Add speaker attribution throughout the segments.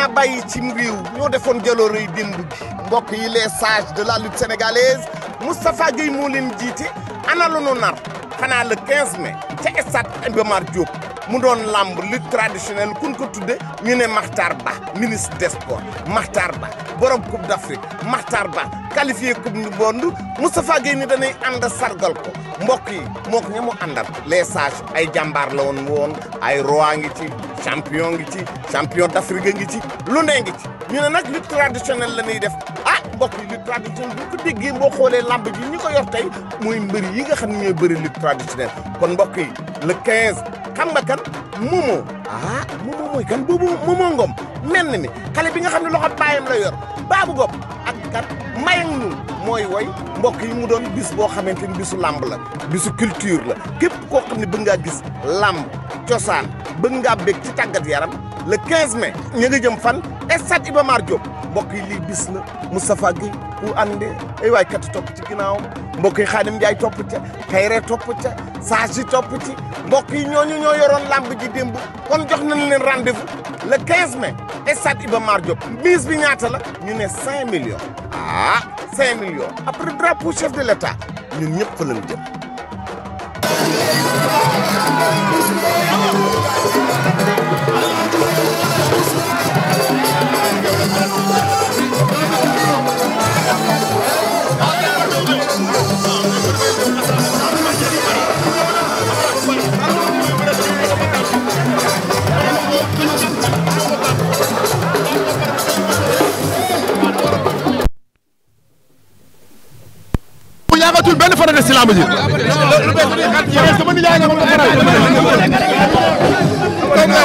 Speaker 1: naa bàyyi cim réew ñoo defoon jalooroy démb gi mbokk yi les sages de la lutte sénégalaise Moustapha Gueye moo leen jiite ana nu nar xanaa le 15 mai ca stade Iba Mar Diop mu doon làmb lutte traditionnelle kun ko tudde ñu ne Makhtar Ba ministre des sports Makhtar Ba borom coupe d'Afrique Makhtar Ba qualifié coupe du monde Moustapha Gueye ni dañuy ànd sargal ko mbokk yi moo ko ñamu àndal les sages ay jàmbaar la woon woon ay roi ngi ci champion ngi ci champion d'Afrique ngi ci lu ne ngi ci ñu ne nag lutte traditionnelle la ñuy def ah mbokk yi lutte traditionnelle bu ko déggee boo xoolee làmb ji ñi ko muy mbëri yi nga xam ne ñooy bëri lutte traditionnelle kon mbokk yi le xam nga kan Momo ah Momo mooy kan boobu Momo Ngom mel na ni bi nga xam ne loxo baayam la yor baabu gopp ak kan mayang ñun mooy way mbokk yi mu doon bis boo xamante ni bisu làmb la bisu culture la képp koo xam ne bëgg ngaa gis làmb cosaan bëgg ngaa bég ci tàggat yaram le quinze mai ñu ngi jëm fan stade Iba Mar mbokk yi lii bis la Moustapha Gueye ku ànde kat topp ci ginnaawam mbokk i Xaadim Njaay topp ca Kayre topp ca Sadji mbokk yi ñooñu ñoo yoroon lamb ji démb kon jox nañ leen rendez-vous le 15 mai stade Iba Mar Diop mise bi ñaata la ñu ne 5 millions ah 5 millions après drapeau chef de l'État ñun ñëpp fa lañ jëm amatul benn faral si lamb
Speaker 2: ji comme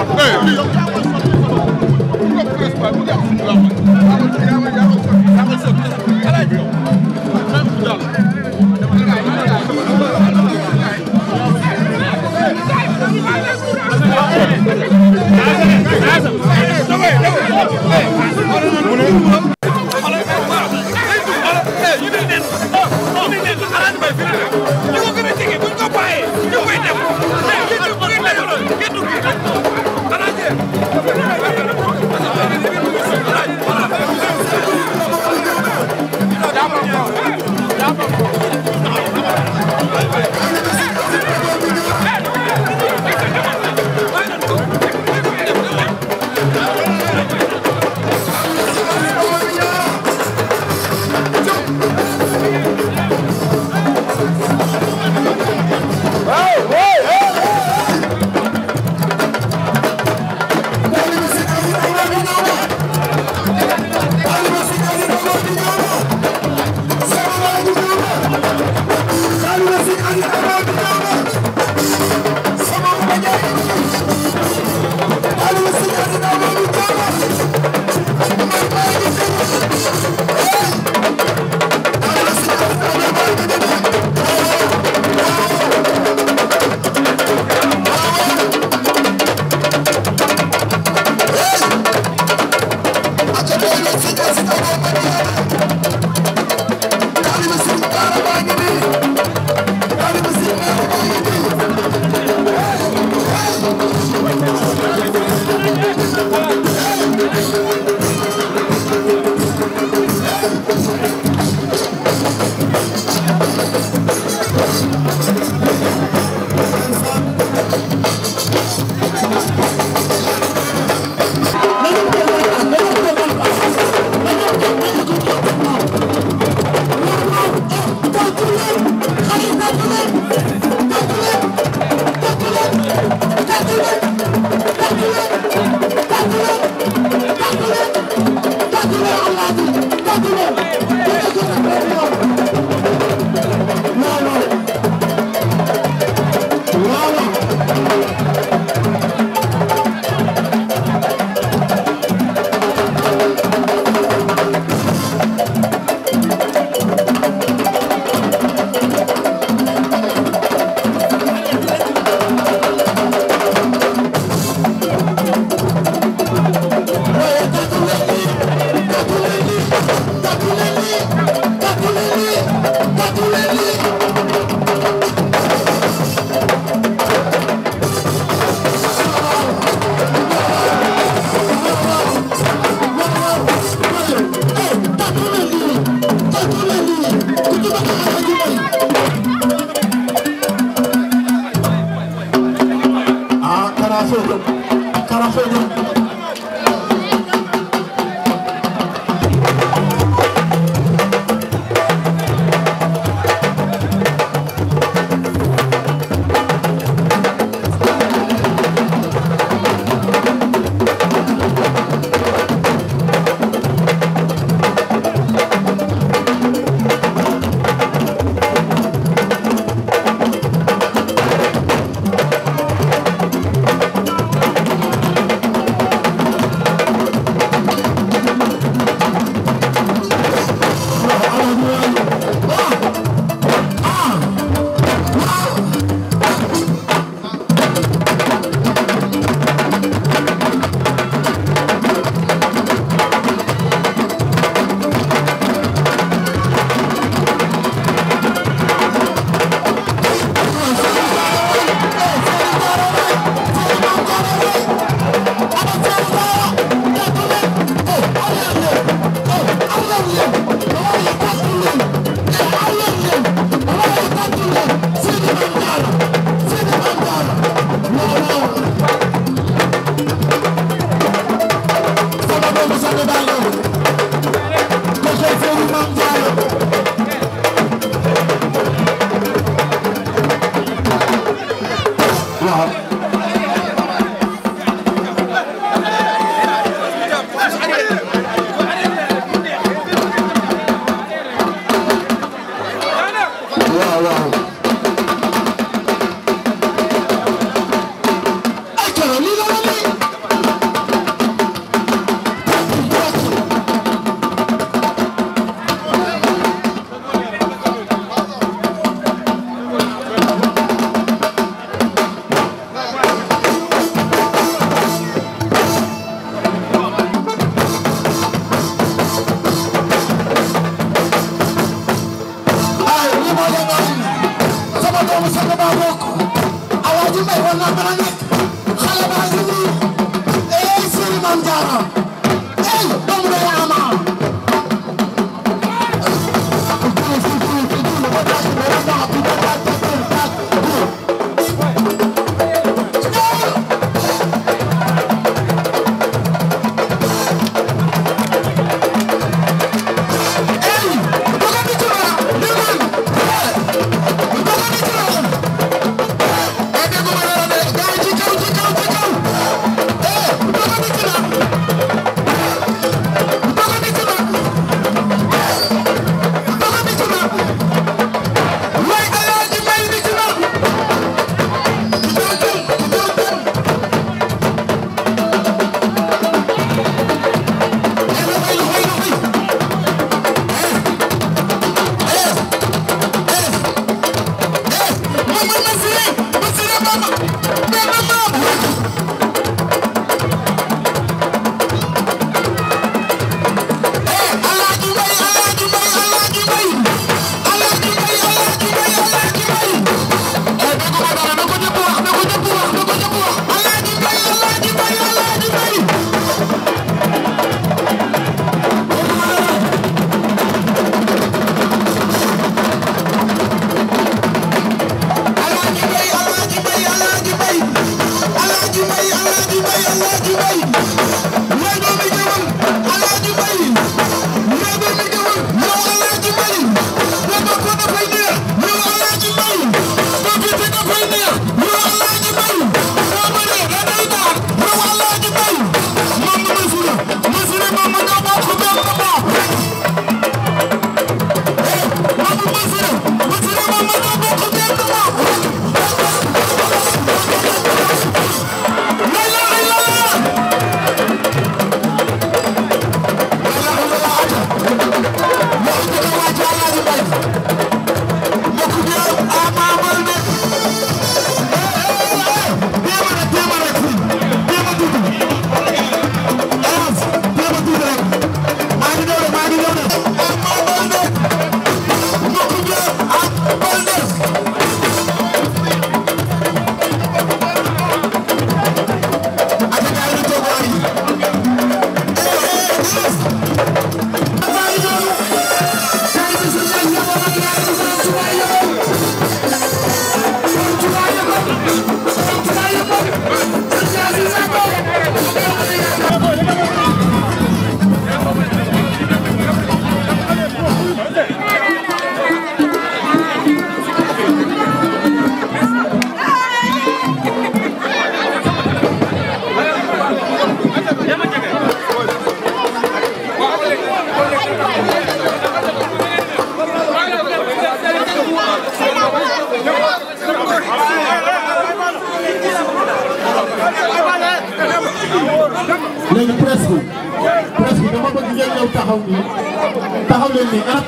Speaker 2: taxaw nii taxaw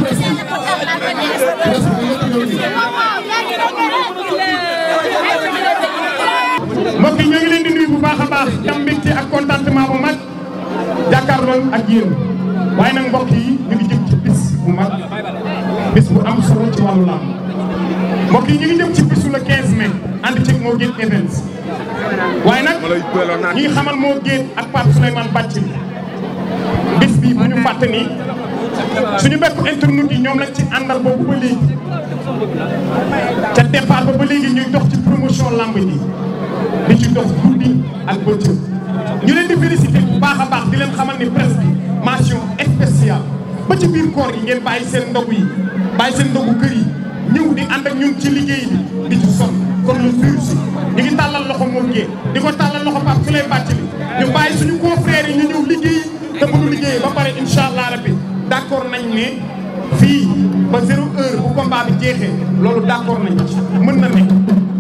Speaker 1: bu baax a baax jam mbégte ak contentement bu mag jàkkaarloo ak yéen waaye nag mbokk yi jëm ci bis bu mag bis bu am solo ci wàllu làmb mbokk yi jëm ci bisu le 15 mai ànd ci moo géet waaye nag ñi xamal moo ak Pape Souleymane Bathily bii bu ñu fàtte nii suñu mbokku internet yi ñoom lañ ci àndal boobu ba léegi ca départ ba ba léegi ñuy dox ci promotion lamb ji di ci dox guddi ak bëccëg ñu leen di féliciter bu baax a baax di leen xamal ni presse bi mention ba ci biir koor gi ngeen bàyyi seen ndogu yi bàyyi seen ndogu kër yi di ànd ñun ci liggéey bi di ci sonn kon lu suur si ñu ngi tàllal loxo moom di ko tàllal loxo Pape Souleye Bathily ñu bàyyi suñu confrères yi ñu ñëw liggéey te bu ñu liggéeyee ba pare allah rabbi d' accord nañ ne fii ba zéro heure bu combat bi jeexee loolu d' accord nañ mën na nekk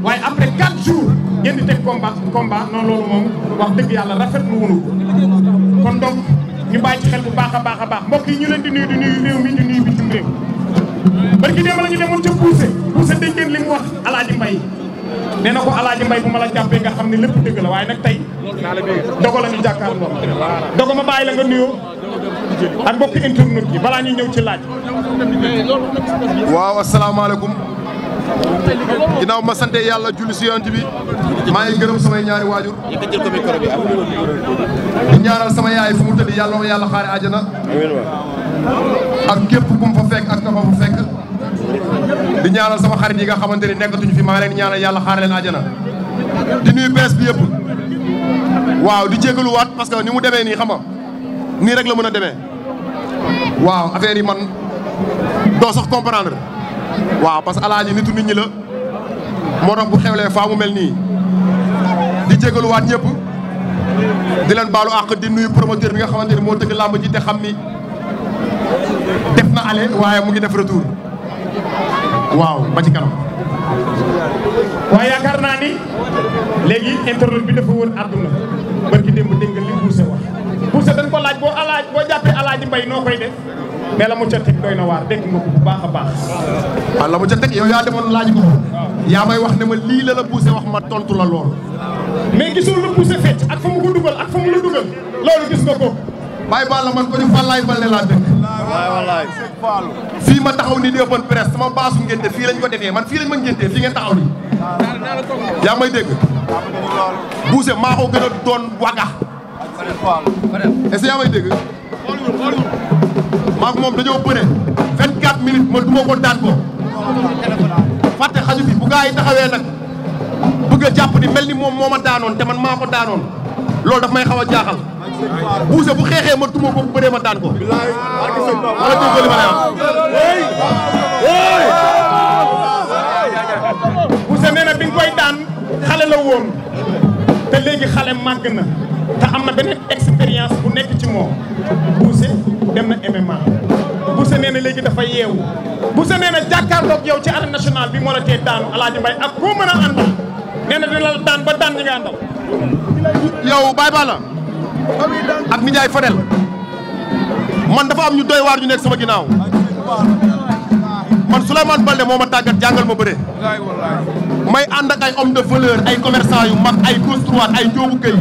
Speaker 1: waaye après 4 jours ngeen di teg combat combat non loolu moom wax dëgg yàlla rafetlu wuñu ko kon donc ñu bàyyi ci xel bu baax a baax a baax mbokk yi ñu leen di nuyu di nuyu réew mi nuyu bitim réew. barki démb la ñu demoon ca Poussé Poussé dégg li mu wax Alaaji Mbaye nee na ko alaaji mbay bu ma la jàppee nga xam ne lépp dëgg la waaye nag tey dogo la ñu jàkkaarloo dogo ma bàyyi la nga nuyoo ak mbokki internet yi balaa ñuy ñëw ci laaj waaw asalaamaaleykum ginnaaw ma sante yàlla julli si yonent bi maa ngi gërëm samay ñaari waajur di ñaanal sama yaay fu mu tëdd yàlla ma yàlla xaare àjjana ak képp ku fa fekk ak ka fa fa fekk di ñaanal sama xarit yi nga xamante ni nekkatuñu fi maa leen ñaanal yàlla xaar leen àjjana di nuyu presse bi yëpp waaw di jégaluwaat parce que ni mu demee nii xam nii rek la mën a demee waaw affaire yi man doo sax comprendre waaw parce que alaaji nitu nit ñi la moo tax bu xewlee faa mu mel nii di jégaluwaat ñëpp di leen baalu àq di nuyu promoteur bi nga xamante ni moo tëgg làmb ji te xam ni def na aller waaye mu ngi def retour. waaw ba ci kanam. waaye yaakaar naa ni léegi internet bi dafa wër àdduna barki démb dégg nga li Bousse wax Bousse dañ ko laaj boo alaaj boo jàppee alaaji mbay noo koy def mais la mu ca teg doy na waar dégg nga ko bu baax a baax. waaw ah, la mu ca teg yow yaa demoon laaj ko. yaa may wax ne ma lii la la Bousse wax ma tontu la lool. mais gisoo la Bousse fecc ak fa mu ko dugal ak fa mu la dugal loolu gis nga ko. bàyyi baal la man ko ñu fàllaay balle laa dëkk. waay wallaay fii ma taxaw nii di open presse sama baasu ngénte fii lañ ko defee man fii lañ ma ngéntee fii ngeen taxaw nii yaa may dégg buuse maa ko gën a doon waga est-ce que yaa may dégg maa ko moom dañoo bëre 24 minutes ma duma ko daan ko fàtte xaju fi bu gaa yi taxawee nag bëgg a jàpp ni mel ni moom moo ma daanoon te man maa ko daanoon loolu dafa may xaw a jaaxal buuse bu xeexee ma duma ko bu bëree ma daan ko wala dégg li ma lay wax buuse nee na bi nga daan xale la woon te léegi xale màgg na te am na beneen expérience bu nekk ci moom buuse dem na MMA buuse nee na léegi dafa yeewu buuse nee na jàkkaarloog yow ci arène nationale bi moo la tee daanu Alaaji Mbay ak koo mën a àndal nee dina la daan ba daan ñi àndal yow Baye Balla ak Midiaye Fadel man dafa am ñu doy waar ñu nekk sama ginnaaw man Souleymane Balde moo ma tàggat jàngal ma bëre may ànd ak ay homme de valeur ay commerçant yu mag ay construire ay njoobu këy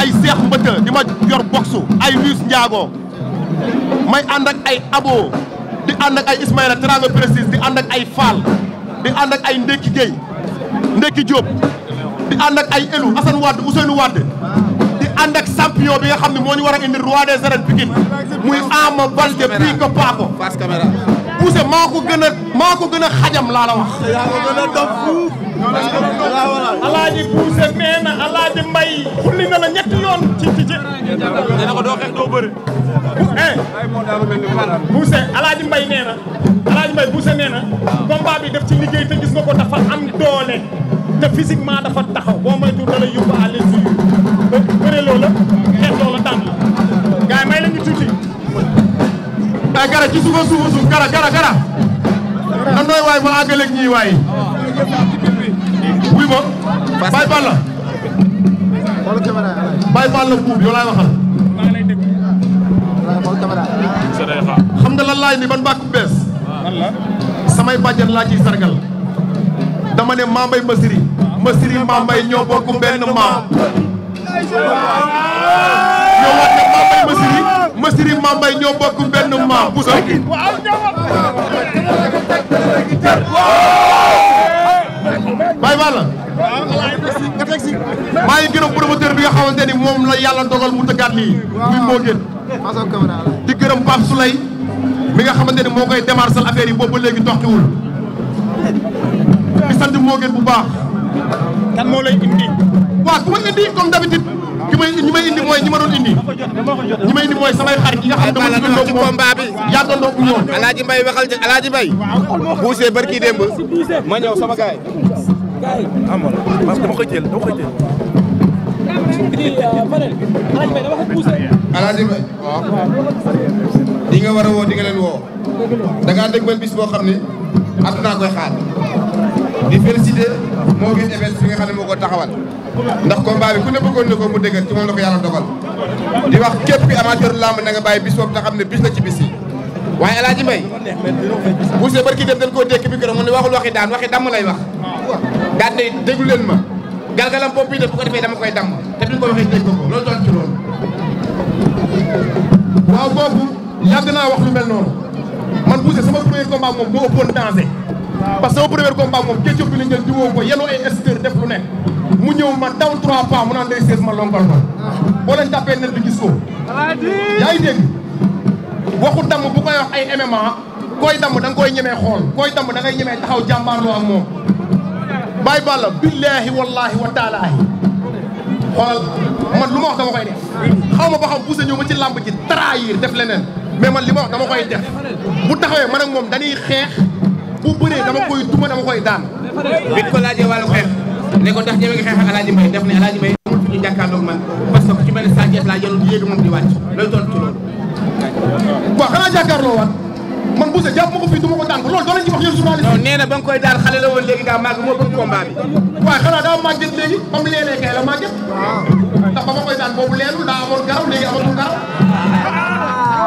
Speaker 1: ay seex mbëtë di ma yor boxu ay luus njaago may ànd ak ay abo di ànd ak ay Ismaïla Teranga Précise di ànd ak ay Fall di ànd ak ay Ndekki Gueye Ndekki Diop di ànd ak ay élu Assane Wade Ousseynou Wade di ànd ak champion bi nga xam ne moo ñu war a indi roi des arènes Pikine muy Ama Baldé bii ko paako maa ko gën a maa ko gën a xajam laa la wax alaaji poussé nee alaaji mbay xulli na la ñetti yoon ci ci ci dina ko doo xeex doo bëri eh, poussé alaaji mbay nee alaaji mbay poussé nee na combat def ci liggéey te gis nga ko dafa am doole te physiquement dafa taxaw boo moytu da lay yóbbu à l'insuline bëre loola xeex loola daan la gars may la ñu tuuti. ah gara ci suuf a suuf gara gara gara. waay ma àggale ak ñii waay. wuy ma Baye Fall la. Baye Fall la buub yow laay waxal. xam nga lan laay ni ban bàkk bees. samay bàjjen laa ciy sargal. dama ne maa mbay Masiri. Massiri Mambay ñoo bokk benn maam. bu soog. bi nga xamante ni moom la yàlla dogal mu tëggaat lii. bi moo gën. di gërëm Pape Souley mi nga xamante ni moo koy démarrer affaire yi boobu ba léegi toxiwul. di sant moo bu baax. kan moo lay indi. waaw ku ma indi comme d'habitude ki may ñi may indi mooy ñi ma doon indi ñi may indi mooy samay xarit Alaaji Mbay waxal Alaaji Mbay buusee barki démb ma ñëw sama gaay amoon que dama koy jël dama koy jël di nga war a woo di nga leen woo da ngaa dégg benn boo xam ne àdduna koy xaar di félicité moo gën event bi nga xam ne moo ko taxawal ndax combat bi ku ne bëggoon ne ko mu dëggal ci moom la ko yàlla dogal di wax képp ki amateur lamb na nga bàyyi bis boobu te xam ne bis la ci bis yi waaye El Hadj Mbaye Boucher barki dem dañ koo dékk bi keroog mu ne waxul waxi daan waxi damm lay wax daan ne déglu leen ma galgalam bopp yi def bu ko defee dama koy damm te duñ ko waxee dégg ko loolu doon ci loolu waaw boobu yàgg naa wax lu mel noonu man Boucher sama premier combat moom moo ëppoon parce que au premier combat moom Ketchup bi la jël ko yeloo ay extérieur def lu nekk mu ñëw ma daw trois pas mu naan day sees ma longal
Speaker 2: ma
Speaker 1: boo leen tàppee nen bi gis ko yaa ngi dégg waxu bu koy wax ay MMA koy damm da nga koy ñemee xool koy damm da ngay ñemee taxaw jàmbaarloo ak moom bàyyi bàlla billaahi wallaahi wa taalaahi xoolal man lu ma wax dama koy def xaw ma ba xam poussé ñëw ma ci làmb ji trahir def leneen mais man li ma wax dama koy def bu taxawee ma ak bu bëree dama koy duma dama koy daan. bi ko laajee wàllu xeex ne ko ndax ñeme nga xeex a Alaaji Mbay def ne Alaaji Mbay amul fi ñu jàkkaarloog man parce que ku ci mel ne Sa Thiès laa yoon di yéeg moom di wàcc loolu tontu loolu. waaw xanaa jàkkaarloo waat man Boucher jàpp ma ko fii du ma ko daan ko loolu doo leen ci wax yéen journaliste. non nee koy daan xale la woon léegi daa màgg koy daan boobu leelul daa amoon garaw léegi amatul garaw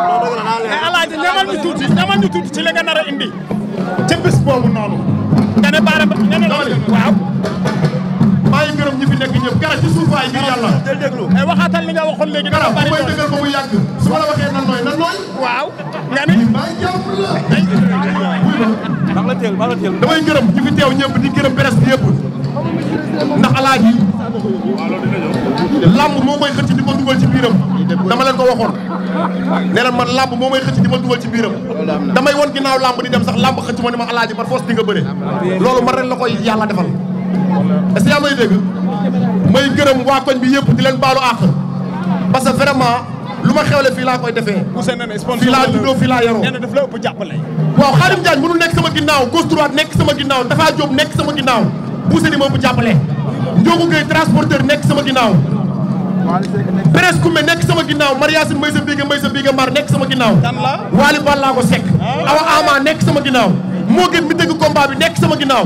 Speaker 1: mais Alaaji ñamal ñu tuuti ñamal ci li nga nar a indi ci bis boobu noonu nga ne baara nga ne waaw gërëm ñi fi nekk ñëpp gara ci suuf waay ngir yàlla del déglu ay eh, waxaatal li nga waxoon léegi gara bu may dëggal ba mu yàgg su ma la nga ni maa jàpp la la damay gërëm ñi fi teew ñëpp di gërëm presse bi yëpp ndax alaaji làmb moo may xëcc di ma dugal ci biiram ko waxoon nee na man làmb moo may xëcc di ma dugal ci biiram damay won ginnaaw làmb di dem sax làmb xëcc ma ni ma alaaji par force di nga bëre loolu man ren la koy yàlla defal est-ce que yaa may dégg may gërëm waa koñ bi yëpp di leen baalu àq parce que vraiment lu ma xewle fii laa koy defee. fii laa juddoo fii laa yaroo. waaw Xaadim Diagne mënul nekk sama ginnaaw gauche nekk sama ginnaaw Tafa Diop nekk sama ginnaaw Bousse ni moo ko jàppale. Ndiogu Gueye transporteur nekk sama ginnaaw. Pérès Koumé nekk sama ginnaaw Mariasin may sa biige may sa biige Mar nekk sama ginnaaw. Waly Balla ko Seck. Awa Ama nekk sama ginnaaw. Moo gën mi dégg combat bi nekk sama ginnaaw.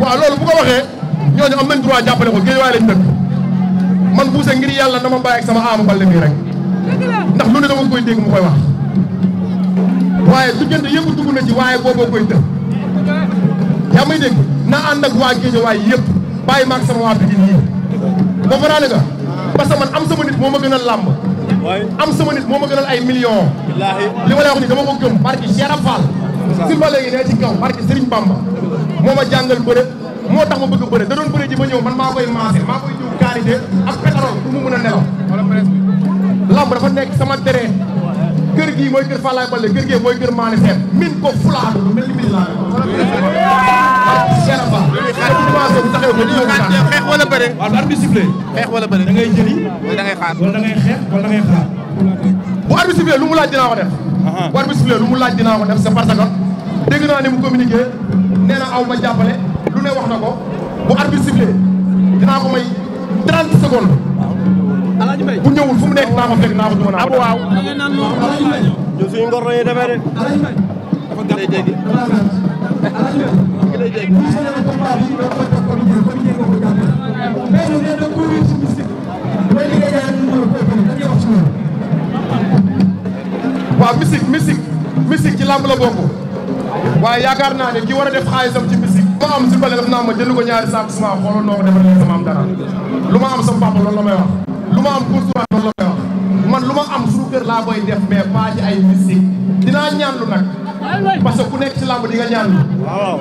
Speaker 1: waaw loolu bu ko waxee ñooñu am nañ droit jàppale ko géejuwaay lañ dëkk man buuse ngir yàlla na ma bàyyi ak sama Ama Baldé bii rek ndax lu ne dama koy dégg mu koy wax waaye diggante yëpp dugg na ci waaye booboo koy def yaa may dégg na ànd ak waa géejuwaay yëpp bàyyi ma ak sama waa Pikine yii boobu naa ne nga parce que man am sama nit moo ma gën a làmb am sama nit moo ma gënal ay millions li ma lay wax ni dama ko gëm barki Cheikh Fall si ba ne ci kaw moo ma jàngal bëre moo tax ma bëgg bëre da doon bëre ji ba ñëw man maa koy maase maa koy jiw qualité ak pétrole pour mu mën a nelaw. lamb dafa nekk sama terrain kër gii mooy kër Fallaye Baldé kër gii mooy kër Mané Sène min ko fulaatu lu mel ni min laa xeex wala bëre waaw arbitre sifflé xeex wala bëre da ngay jëli wala da ngay xeex wala da ngay xaar lu mu laaj dinaa ko def lu mu laaj dinaa ko def c'est parce que dégg nee na aw ma jàppale wax na ko bu arbitre sifflé dinaa ko may 30 bu mu nekk naa ko fekk waaw. ñun suñu ngor la ñuy demee ci làmb waaye yaakaar naa ne ki war a def xaalisam ci musique lu ma am si bële daf naa ma jënd ko ñaari saako suma xoolal noo ko defalee sama am dara lu ma am sama papa loolu la may lu ma am pour suma loolu la may man lu ma am suñu laa koy def mais pas ay musique dinaa ñaan lu nag parce que ku nekk ci làmb di nga ñaan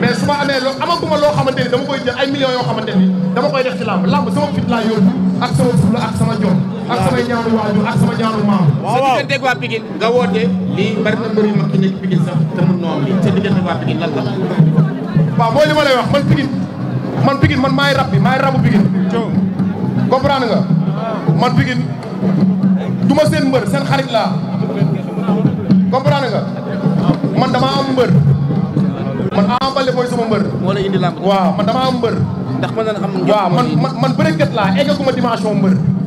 Speaker 1: mais su ma amee loo amaguma loo xamante ni dama koy jël ay millions yoo xamante ni dama koy def ci làmb làmb sama fit laa yóbbu ak sama fulla ak sama jom ak sama ñaanu waajur ak sama ñaanu maam sa digganteeg waa Pikine nga woote lii bari na mbër yu mag yi nekk Pikine sax te mun noom li sa digganteeg waa Pikine lan la waaw mooy li ma lay wax man Pikine man Pikine man maay rab bi maay rabu Pikine comprendre nga man Pikine du ma seen mbër seen xarit laa comprendre nga man dama am mbër man Ama Baldé mooy sama mbër. moo lay indi làmb waaw man dama am mbër. ndax man dana xam. waaw man man man bërekat laa eggaguma dimension mbër.